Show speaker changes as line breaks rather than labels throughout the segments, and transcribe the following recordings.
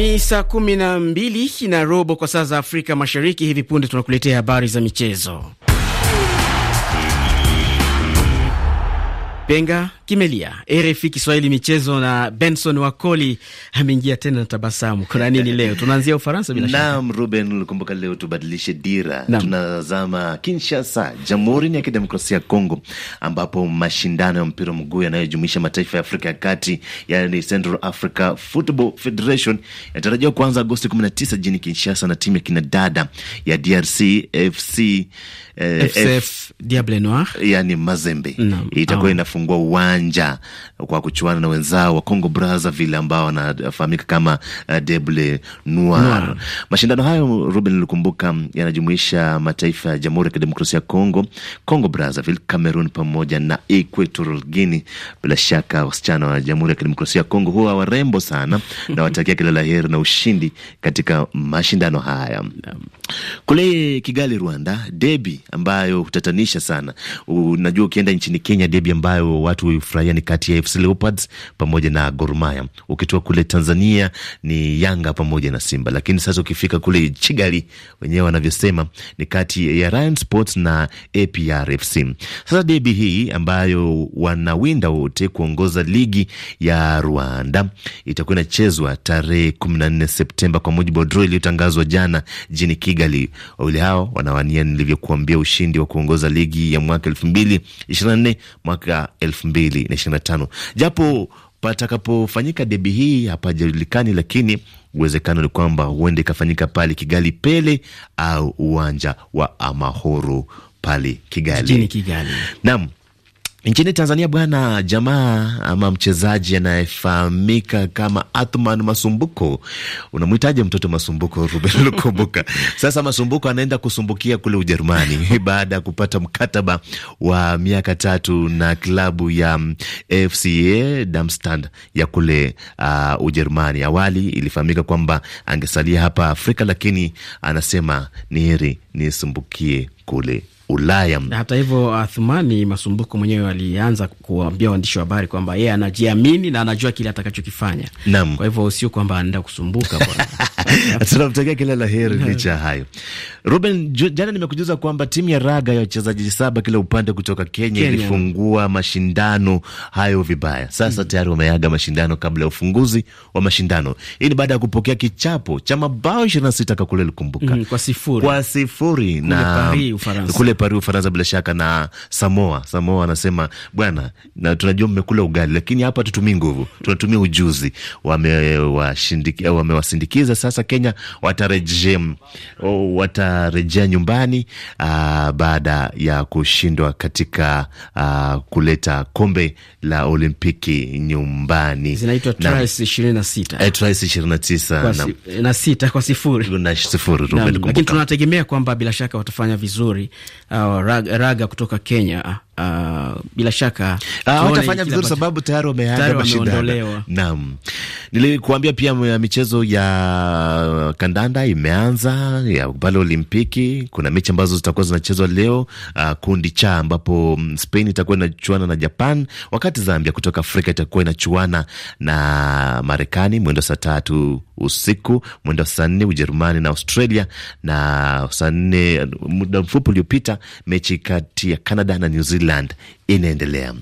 Ni saa kumi na mbili na robo kwa saa za Afrika Mashariki. Hivi punde tunakuletea habari za michezo. Benga kimelia. RFI Kiswahili michezo na Benson Wakoli ameingia tena na tabasamu. Kuna nini leo? Tunaanzia Ufaransa bila shaka. Naam,
Ruben, ulikumbuka leo tubadilishe dira. Naam. Tunazama Kinshasa, Jamhuri ya Kidemokrasia ya Kongo, ambapo mashindano ya mpira mguu yanayojumuisha mataifa ya Afrika ya Kati, yani Central Africa Football Federation, yanatarajiwa kuanza Agosti 19 jijini Kinshasa na timu ya kinadada ya DRC FC, eh, FCF F...
Diable Noir,
yani Mazembe itakuwa inafungua uwanja uwanja kwa kuchuana na wenzao wa Congo Brazzaville ambao wanafahamika kama uh, Deble Noir no. Mashindano hayo Ruben nilikumbuka, yanajumuisha mataifa ya Jamhuri ya Kidemokrasia ya Congo, Congo Brazzaville, Cameroon pamoja na Equatorial Guinea. Bila shaka wasichana wa Jamhuri ya Kidemokrasia ya Congo huwa warembo sana na watakia kila la heri na ushindi katika mashindano haya. Kule Kigali, Rwanda, debi ambayo hutatanisha sana. Unajua, ukienda nchini Kenya, debi ambayo watu kufurahia ni kati ya FC Leopards pamoja na Gor Mahia. Ukitoa kule Tanzania ni Yanga pamoja na Simba, lakini sasa ukifika kule Chigali wenyewe wanavyosema ni kati ya Ryan Sports na APR FC. Sasa debi hii ambayo wanawinda wote kuongoza ligi ya Rwanda itakuwa inachezwa tarehe 14 Septemba kwa mujibu wa draw iliyotangazwa jana jini Kigali. Wawili hao wanawania nilivyokuambia ushindi wa kuongoza ligi ya mwaka elfu mbili ishirini na nne mwaka elfu mbili tano japo patakapofanyika debi hii hapajulikani, lakini uwezekano ni kwamba huenda ikafanyika pale Kigali Pele au uwanja wa Amahoro pale Kigali, Kigali. Naam. Nchini Tanzania bwana, jamaa ama mchezaji anayefahamika kama Athman Masumbuko, unamwitaje mtoto Masumbuko? Ruben Lukumbuka. Sasa Masumbuko anaenda kusumbukia kule Ujerumani baada ya kupata mkataba wa miaka tatu na klabu ya FCA mm, Darmstadt ya kule uh, Ujerumani. Awali ilifahamika kwamba angesalia hapa Afrika, lakini anasema ni heri nisumbukie kule Ulaya.
Hata hivyo, Athumani Masumbuko mwenyewe alianza kuambia waandishi wa habari kwamba yeye anajiamini na anajua kile atakachokifanya. Naam, kwa hivyo sio kwamba anaenda kusumbuka bwana. Tunamtakia kila la heri licha hayo. Ruben, jana nimekujuza
kwamba timu ya raga ya wachezaji saba kila upande kutoka Kenya, Kenya ilifungua mashindano hayo vibaya. Sasa mm, tayari wameaga mashindano kabla ya ufunguzi wa mashindano. Hii ni baada ya kupokea kichapo cha mabao 26 kakule likumbuka, mm, kwa sifuri, kwa sifuri na kule pari Ufaransa, bila shaka na Samoa. Samoa anasema bwana, na tunajua mmekula ugali, lakini hapa tutumii nguvu, tunatumia ujuzi. Wamewasindikiza sasa Kenya, watarejea watarejea nyumbani aa, ah, baada ya kushindwa katika aa, ah, kuleta kombe la Olimpiki nyumbani. na sita, eh, na eh,
na kwa na sifuri, lakini tunategemea kwamba bila shaka watafanya vizuri uh, raga, raga kutoka Kenya Uh, bila shaka ah, watafanya vizuri sababu
tayari wameaga mashindano.
Naam, nilikuambia pia ya michezo
ya kandanda imeanza ya pale Olimpiki. Kuna mechi ambazo zitakuwa zinachezwa leo uh, kundi cha ambapo mm, Spain itakuwa inachuana na Japan, wakati Zambia kutoka Afrika itakuwa inachuana na Marekani mwendo saa tatu usiku, mwendo saa nne Ujerumani na Australia, na saa nne muda mfupi uliopita mechi kati ya Canada na New Zealand England inaendelea.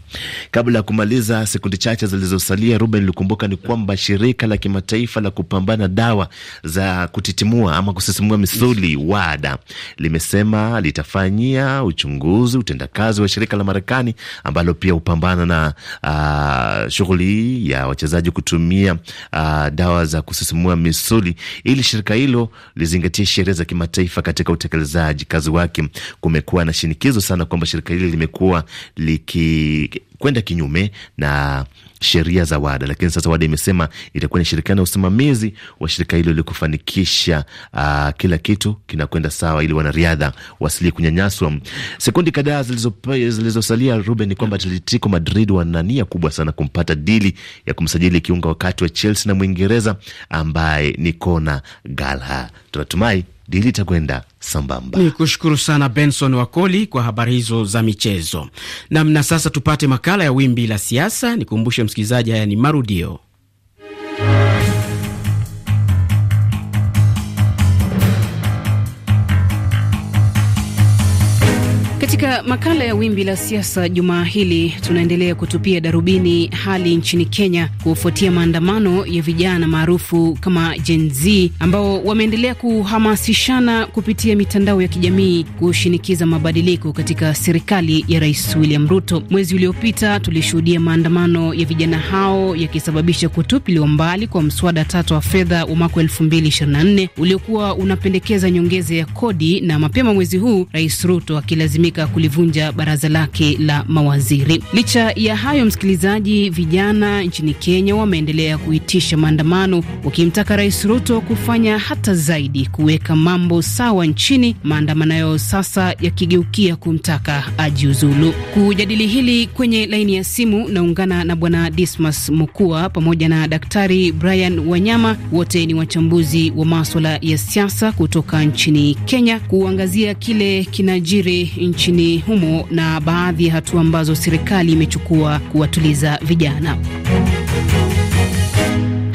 Kabla ya kumaliza, sekundi chache zilizosalia, Ruben likumbuka ni kwamba shirika la kimataifa la kupambana dawa za kutitimua ama kusisimua misuli WADA limesema litafanyia uchunguzi utendakazi wa shirika la Marekani ambalo pia hupambana na uh, shughuli ya wachezaji kutumia uh, dawa za kusisimua misuli ili shirika hilo lizingatie sheria za kimataifa katika utekelezaji kazi wake. Kumekuwa na shinikizo sana kwamba shirika hili limekuwa limekuwa likikwenda kinyume na sheria za WADA, lakini sasa WADA imesema itakuwa inashirikiana na usimamizi wa shirika hilo ili kufanikisha uh, kila kitu kinakwenda sawa, ili wanariadha wasilie kunyanyaswa. Sekundi kadhaa zilizosalia, Ruben, ni kwamba Atletico Madrid wana nia kubwa sana kumpata dili ya kumsajili kiunga wakati wa Chelsea na Mwingereza ambaye ni Kona Galha. Tunatumai dili sambamba.
Ni kushukuru sana Benson Wakoli kwa habari hizo za michezo namna sasa tupate makala ya wimbi la siasa. Nikumbushe msikilizaji, haya ni marudio
Katika makala ya wimbi la siasa jumaa hili tunaendelea kutupia darubini hali nchini Kenya kufuatia maandamano ya vijana maarufu kama Gen Z ambao wameendelea kuhamasishana kupitia mitandao ya kijamii kushinikiza mabadiliko katika serikali ya Rais William Ruto. Mwezi uliopita tulishuhudia maandamano ya vijana hao yakisababisha kutupiliwa mbali kwa mswada tatu wa fedha wa mwaka 224 uliokuwa unapendekeza nyongeza ya kodi, na mapema mwezi huu Rais Ruto akilazimika katika kulivunja baraza lake la mawaziri. Licha ya hayo, msikilizaji, vijana nchini Kenya wameendelea kuitisha maandamano wakimtaka Rais Ruto kufanya hata zaidi kuweka mambo sawa nchini, maandamano yao sasa yakigeukia kumtaka ajiuzulu. Kujadili hili kwenye laini ya simu naungana na Bwana Dismas Mukua pamoja na Daktari Brian Wanyama, wote ni wachambuzi wa maswala ya siasa kutoka nchini Kenya kuangazia kile kinajiri nchi nchini humo na baadhi ya hatua ambazo serikali imechukua kuwatuliza vijana.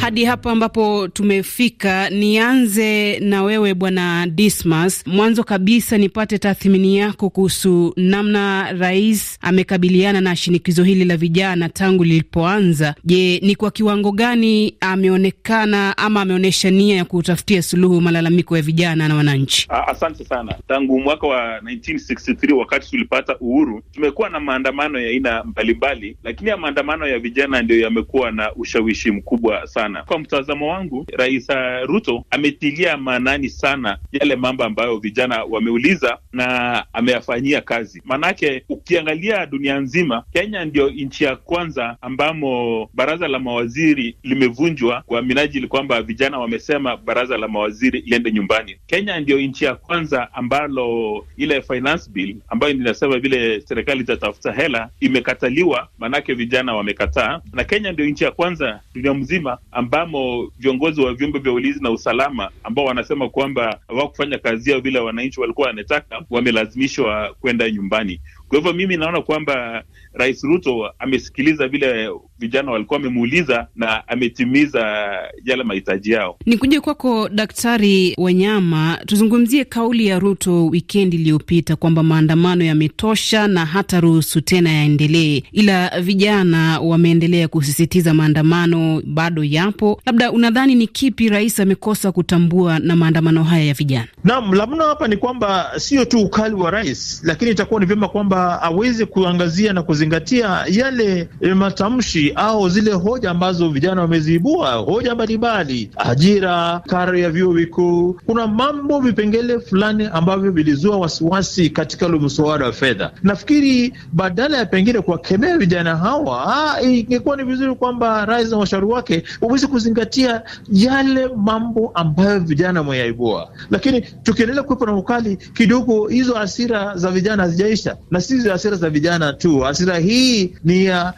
Hadi hapo ambapo tumefika, nianze na wewe Bwana Dismas. Mwanzo kabisa nipate tathmini yako kuhusu namna rais amekabiliana na shinikizo hili la vijana tangu lilipoanza. Je, ni kwa kiwango gani ameonekana ama ameonyesha nia ya kutafutia suluhu malalamiko ya vijana na wananchi?
Ah, asante sana. Tangu mwaka wa 1963 wakati tulipata uhuru, tumekuwa na maandamano ya aina mbalimbali, lakini ya maandamano ya vijana ndiyo yamekuwa na ushawishi mkubwa sana sana. Kwa mtazamo wangu, Rais uh, Ruto ametilia maanani sana yale mambo ambayo vijana wameuliza na ameyafanyia kazi, maanake ukiangalia dunia nzima, Kenya ndio nchi ya kwanza ambamo baraza la mawaziri limevunjwa kwa minajili kwamba vijana wamesema baraza la mawaziri liende nyumbani. Kenya ndio nchi ya kwanza ambalo ile finance bill ambayo inasema vile serikali itatafuta hela imekataliwa, maanake vijana wamekataa, na Kenya ndio nchi ya kwanza dunia mzima ambamo viongozi wa vyombo vya ulinzi na usalama ambao wanasema kwamba hawakufanya kazi yao vile wananchi walikuwa wanataka, wamelazimishwa kwenda nyumbani. Kwa hivyo mimi naona kwamba Rais Ruto amesikiliza vile vijana walikuwa wamemuuliza na ametimiza yale mahitaji yao.
Ni kuja kwako Daktari Wanyama, tuzungumzie kauli ya Ruto wikendi iliyopita kwamba maandamano yametosha na hata ruhusu tena yaendelee, ila vijana wameendelea kusisitiza maandamano bado yapo. Labda unadhani ni kipi rais amekosa kutambua na maandamano haya ya vijana?
nam la mno hapa ni kwamba sio tu ukali wa rais, lakini itakuwa ni vyema kwamba aweze kuangazia na kuzi kuzingatia yale e, matamshi au zile hoja ambazo vijana wameziibua, hoja mbalimbali, ajira, karo ya vyuo vikuu. Kuna mambo, vipengele fulani ambavyo vilizua wasiwasi katika ule mswada wa fedha. Nafikiri badala ya pengine kuwakemea vijana hawa, ingekuwa ni vizuri kwamba rais na washauri wake waweze kuzingatia yale mambo ambayo vijana wameyaibua, lakini tukiendelea kuwepo na ukali kidogo, hizo hasira za vijana hazijaisha, na si hasira za vijana tu, hasira hii ni ya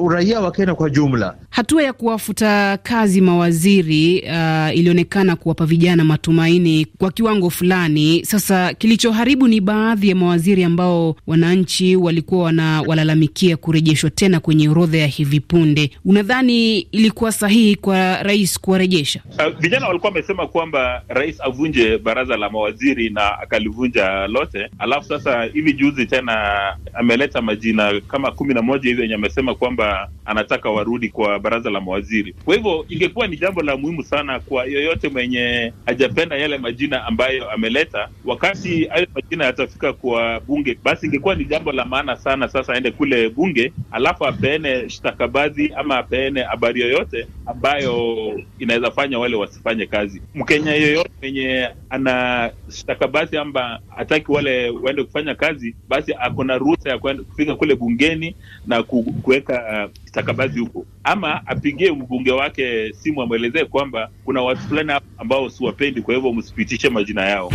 uraia wa Kenya kwa jumla.
Hatua ya kuwafuta kazi mawaziri uh, ilionekana kuwapa vijana matumaini kwa kiwango fulani. Sasa kilichoharibu ni baadhi ya mawaziri ambao wananchi walikuwa wanawalalamikia kurejeshwa tena kwenye orodha ya hivi punde. Unadhani ilikuwa sahihi kwa rais kuwarejesha
uh, vijana? walikuwa wamesema kwamba rais avunje baraza la mawaziri na akalivunja lote, alafu sasa hivi juzi tena ameleta majina kama kumi na moja hivi yenye amesema kwamba anataka warudi kwa baraza la mawaziri. Kwa hivyo ingekuwa ni jambo la muhimu sana kwa yoyote mwenye hajapenda yale majina ambayo ameleta, wakati hayo majina yatafika kwa bunge, basi ingekuwa ni jambo la maana sana sasa aende kule bunge, alafu apeene shtakabadhi ama apeene habari yoyote ambayo inaweza fanya wale wasifanye kazi. Mkenya yoyote mwenye ana shtakabadhi amba hataki wale waende kufanya kazi, basi na ruhusa ya kufika kule bungeni na kuweka uh, stakabadhi huko ama apigie mbunge wake simu amwelezee kwamba kuna watu fulani ambao siwapendi, kwa hivyo msipitishe majina yao.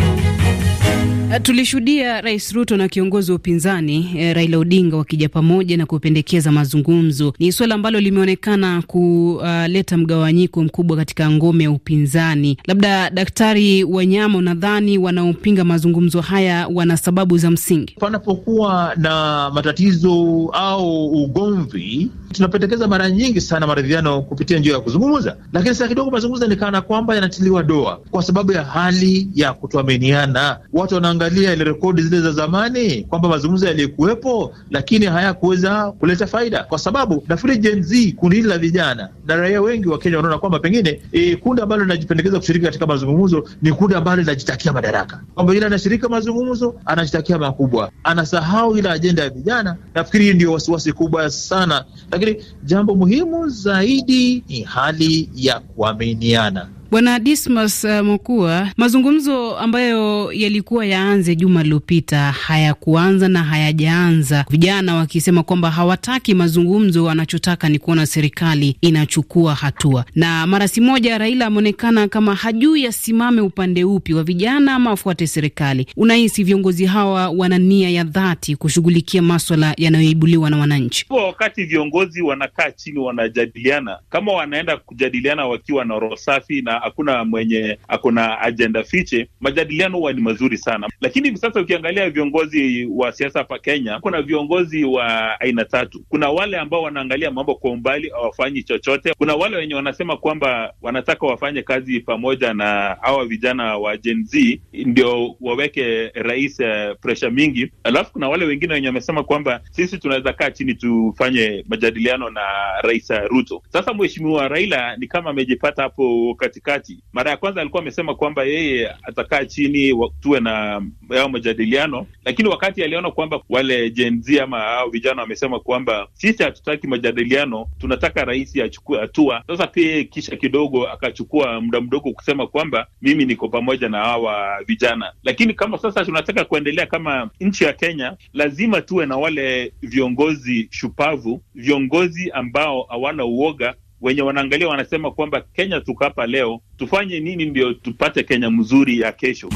Eh, tulishuhudia Rais Ruto na kiongozi wa upinzani e, Raila Odinga wakija pamoja na kupendekeza mazungumzo. Ni suala ambalo limeonekana kuleta uh, mgawanyiko mkubwa katika ngome ya upinzani. Labda Daktari Wanyama, unadhani wanaopinga mazungumzo haya wana sababu za msingi?
Panapokuwa na matatizo au ugomvi, tunapendekeza mara nyingi sana maridhiano kupitia njia ya kuzungumza, lakini saa kidogo mazungumzo ni kana kwamba yanatiliwa doa kwa sababu ya hali ya kutuaminiana watu wana kuangalia ile rekodi zile za zamani kwamba mazungumzo yaliyokuwepo, lakini hayakuweza kuleta faida, kwa sababu nafikiri Gen Z, kundi hili la vijana na raia wengi wa Kenya wanaona kwamba pengine e, kundi ambalo linajipendekeza kushiriki katika mazungumzo ni kundi ambalo linajitakia madaraka, kwamba yule anashirika mazungumzo anajitakia makubwa, anasahau ile ajenda ya vijana. Nafikiri hii ndio wasiwasi kubwa sana, lakini
jambo muhimu zaidi
ni hali ya kuaminiana.
Bwana Dismas uh, Mokua, mazungumzo ambayo yalikuwa yaanze juma lililopita hayakuanza na hayajaanza, vijana wakisema kwamba hawataki mazungumzo, wanachotaka ni kuona serikali inachukua hatua. Na mara si moja Raila ameonekana kama hajui asimame upande upi wa vijana ama afuate serikali. Unahisi viongozi hawa wana nia ya dhati kushughulikia maswala yanayoibuliwa na wananchi?
wakati viongozi wanakaa chini wanajadiliana, kama wanaenda kujadiliana wakiwa na roho safi na hakuna mwenye na ajenda fiche, majadiliano huwa ni mazuri sana. Lakini hivi sasa ukiangalia viongozi wa siasa hapa Kenya, kuna viongozi wa aina tatu. Kuna wale ambao wanaangalia mambo kwa umbali, hawafanyi chochote. Kuna wale wenye wanasema kwamba wanataka wafanye kazi pamoja na hawa vijana wa Gen Z ndio waweke rais eh, presha mingi. Alafu kuna wale wengine wenye wamesema kwamba sisi tunaweza kaa chini tufanye majadiliano na rais Ruto. Sasa mheshimiwa Raila ni kama amejipata hapo katika katikati. Mara ya kwanza alikuwa amesema kwamba yeye atakaa chini, tuwe na yao majadiliano, lakini wakati aliona kwamba wale Gen Z ama hao vijana wamesema kwamba sisi hatutaki majadiliano, tunataka rais achukue hatua. Sasa pia yeye kisha kidogo akachukua muda mdogo kusema kwamba mimi niko pamoja na hawa vijana, lakini kama sasa tunataka kuendelea kama nchi ya Kenya, lazima tuwe na wale viongozi shupavu, viongozi ambao hawana uoga wenye wanaangalia wanasema kwamba Kenya tuko hapa leo, tufanye nini ndio tupate Kenya mzuri ya kesho?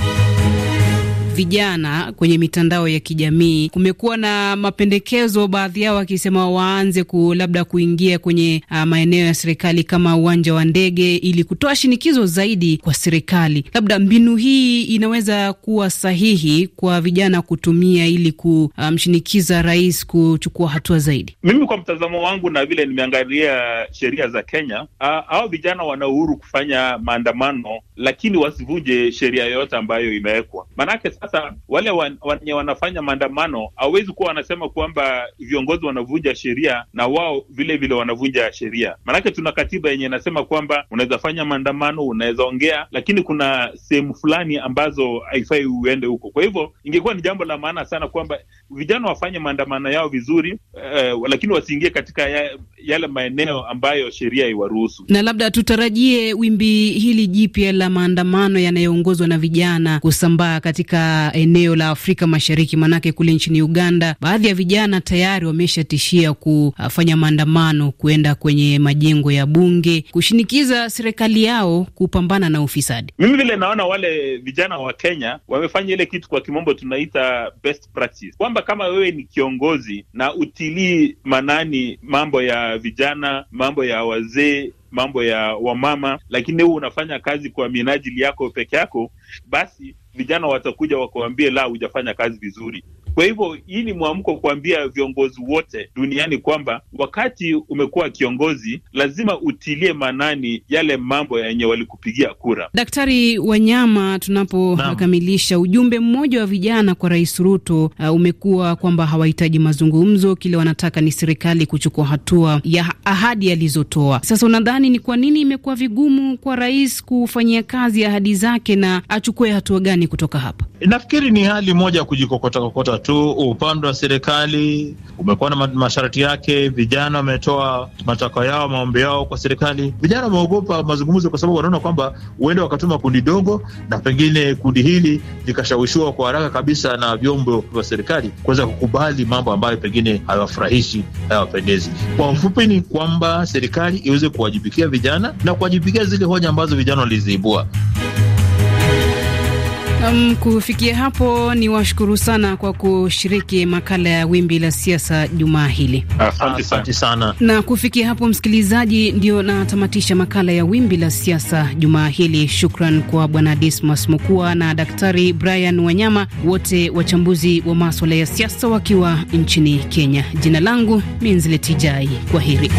vijana kwenye mitandao ya kijamii, kumekuwa na mapendekezo, baadhi yao wakisema waanze ku labda kuingia kwenye uh, maeneo ya serikali kama uwanja wa ndege ili kutoa shinikizo zaidi kwa serikali. Labda mbinu hii inaweza kuwa sahihi kwa vijana kutumia ili kumshinikiza ah, um, rais kuchukua hatua zaidi.
Mimi kwa mtazamo wangu na vile nimeangalia sheria za Kenya, ah, hao vijana wana uhuru kufanya maandamano, lakini wasivunje sheria yoyote ambayo imewekwa, maanake sasa wale wenye wan, wanafanya maandamano hawezi kuwa wanasema kwamba viongozi wanavunja sheria na wao vile vile wanavunja sheria, maanake tuna katiba yenye inasema kwamba unaweza fanya maandamano, unaweza ongea, lakini kuna sehemu fulani ambazo haifai uende huko. Kwa hivyo ingekuwa ni jambo la maana sana kwamba vijana wafanye maandamano yao vizuri eh, lakini wasiingie katika ya, yale maeneo ambayo sheria iwaruhusu.
Na labda tutarajie wimbi hili jipya la maandamano yanayoongozwa na vijana kusambaa katika eneo la Afrika Mashariki, maanake kule nchini Uganda baadhi ya vijana tayari wameshatishia kufanya maandamano, kuenda kwenye majengo ya bunge kushinikiza serikali yao kupambana na ufisadi.
Mimi vile naona wale vijana wa Kenya wamefanya ile kitu kwa kimombo tunaita best practice. Kwa kwamba kama wewe ni kiongozi na utilii manani mambo ya vijana, mambo ya wazee mambo ya wamama, lakini huu unafanya kazi kwa minajili yako peke yako, basi vijana watakuja wakuambie la, hujafanya kazi vizuri. Kwa hivyo hii ni mwamko kuambia viongozi wote duniani kwamba wakati umekuwa kiongozi, lazima utilie maanani yale mambo yenye walikupigia kura.
Daktari Wanyama, tunapokamilisha ujumbe mmoja wa vijana kwa Rais Ruto uh, umekuwa kwamba hawahitaji mazungumzo, kile wanataka ni serikali kuchukua hatua ya ahadi alizotoa. Sasa unadhani ni kwa nini imekuwa vigumu kwa rais kufanyia kazi ahadi zake na achukue hatua gani kutoka hapa?
Nafikiri ni hali moja ya kujikokota kokota tu upande wa serikali umekuwa na masharti yake. Vijana wametoa matakwa yao, maombi yao kwa serikali. Vijana wameogopa mazungumzo, kwa sababu wanaona kwamba huenda wakatuma kundi dogo, na pengine kundi hili likashawishiwa kwa haraka kabisa na vyombo vya serikali kuweza kukubali mambo ambayo pengine hayawafurahishi, hayawapendezi. Kwa ufupi, ni kwamba serikali iweze kuwajibikia vijana na kuwajibikia zile hoja ambazo vijana waliziibua.
Um, kufikia hapo ni washukuru sana kwa kushiriki makala ya wimbi la siasa jumaa hili.
Asante sana.
Na kufikia hapo, msikilizaji, ndio natamatisha makala ya wimbi la siasa jumaa hili. Shukran kwa Bwana Dismas Mukua na Daktari Brian Wanyama, wote wachambuzi wa maswala ya siasa wakiwa nchini Kenya. Jina langu Minziletijai, kwa heri.